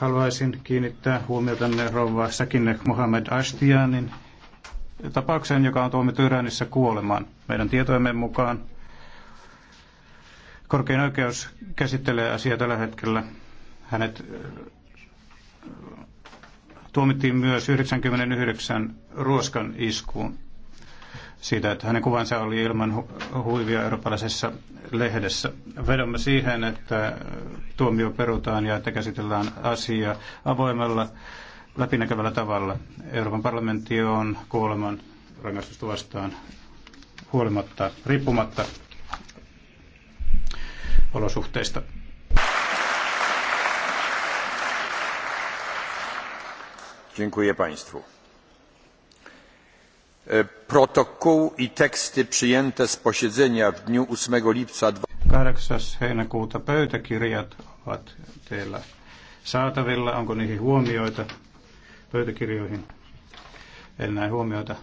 Haluaisin kiinnittää huomiotanne rouva Sakine Mohamed Ashtianin tapaukseen, joka on tuomittu Iranissa kuolemaan. Meidän tietojemme mukaan korkein oikeus käsittelee asiaa tällä hetkellä. Hänet tuomittiin myös 99 ruoskan iskuun siitä, että hänen kuvansa oli ilman huivia eurooppalaisessa lehdessä. Vedomme siihen, että tuomio perutaan ja että käsitellään asia avoimella läpinäkyvällä tavalla. Euroopan parlamentti on kuoleman rangaistusta vastaan huolimatta, riippumatta olosuhteista. Dziękuję Państwu. E, protokół i teksty przyjęte z posiedzenia w dniu 8 lipca 8. heinäkuuta pöytäkirjat ovat teillä saatavilla. Onko niihin huomioita pöytäkirjoihin? En näe huomioita.